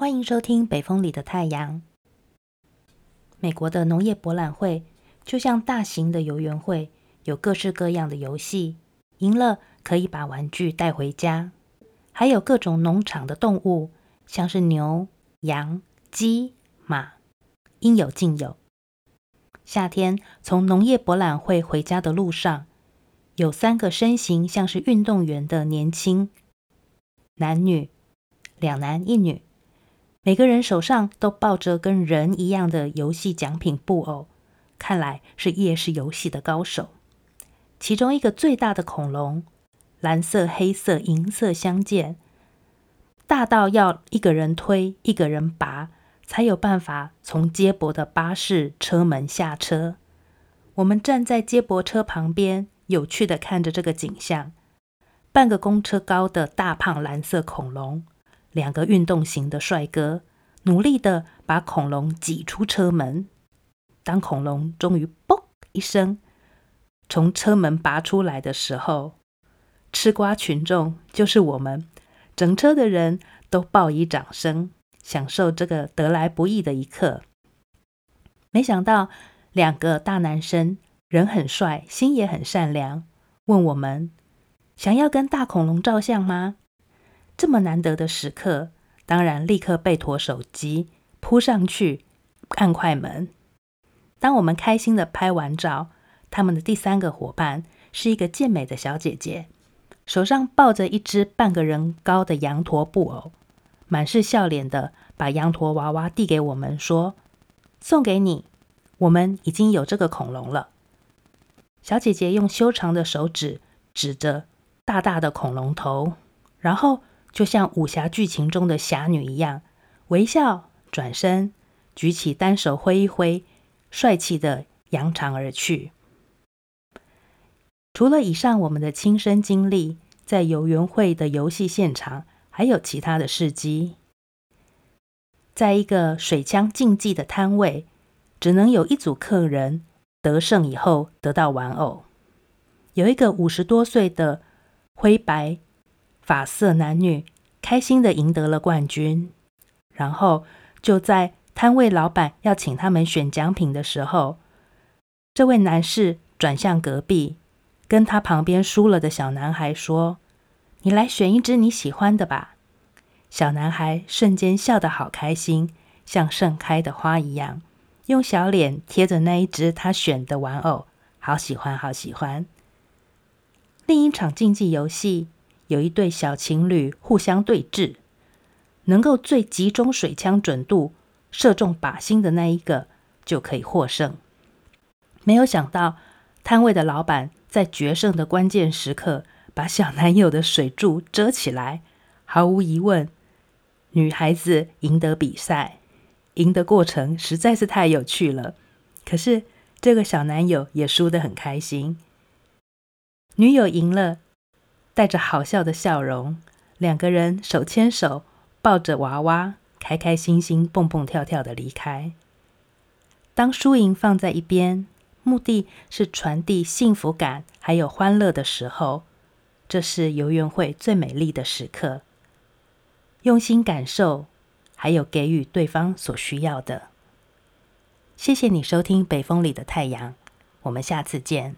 歡迎收聽《北風裡的太陽》。美國的農業博覽會就像大型的遊園會，有各式各樣的遊戲，贏了可以把玩具帶回家。還有各種農場的動物，像是牛、羊、雞、馬，應有盡有。夏天從農業博覽會回家的路上，有三個身形像是運動員的年輕男女，兩男一女。每個人手上都抱着跟人一樣的遊戲獎品布偶，看來是夜市遊戲的高手。其中一個最大的恐龍，藍色、黑色、銀色相間，大到要一個人推、一個人拔，才有辦法從接駁的巴士車門下車。我們站在接駁車旁邊，有趣地看着這個景象：半個公車高的大胖藍色恐龍。兩個運動型的帥哥努力的把恐龍擠出車門。當恐龍終於“嘣”一聲從車門拔出來的時候，吃瓜群眾就是我們，整車的人都報以掌聲，享受這個得來不易的一刻。沒想到，兩個大男生人很帥，心也很善良，問我們想要跟大恐龍照相嗎？這麼難得的時刻，當然立刻備妥手機，撲上去按快門。當我們開心的拍完照，他們的第三個夥伴是一個健美的小姐姐，手上抱着一隻半個人高的羊駝布偶，滿是笑臉的把羊駝娃娃遞給我們，說：“送給你，我們已經有這個恐龍了。”小姐姐用修長的手指指着大大的恐龍頭，然後。就像武俠劇情中的俠女一樣，微笑轉身，舉起單手揮一揮，帥氣的揚長而去。除了以上我們的親身經歷，在遊園會的遊戲現場，還有其他的事蹟。在一個水槍競技的攤位，只能有一組客人得勝以後得到玩偶。有一個五十多歲的灰白。髮色男女開心的贏得了冠軍，然後就在攤位老闆要請他們選獎品的時候，這位男士轉向隔壁，跟他旁邊輸了的小男孩說：“你來選一隻你喜歡的吧。”小男孩瞬間笑得好開心，像盛開的花一樣，用小臉貼着那一隻他選的玩偶，好喜歡，好喜歡。另一場競技遊戲。有一對小情侶互相對峙，能夠最集中水槍準度射中靶心的那一個就可以獲勝。沒有想到，攤位的老闆在決勝的關鍵時刻把小男友的水柱遮起來，毫無疑問，女孩子贏得比賽，贏的過程實在是太有趣了。可是這個小男友也輸得很開心，女友贏了。帶着好笑的笑容，兩個人手牽手，抱着娃娃，開開心心蹦蹦跳跳的離開。當輸贏放在一邊，目的是傳遞幸福感還有歡樂的時候，這是遊園會最美麗的時刻。用心感受，還有給予對方所需要的。謝謝你收聽《北風裡的太陽》，我們下次見。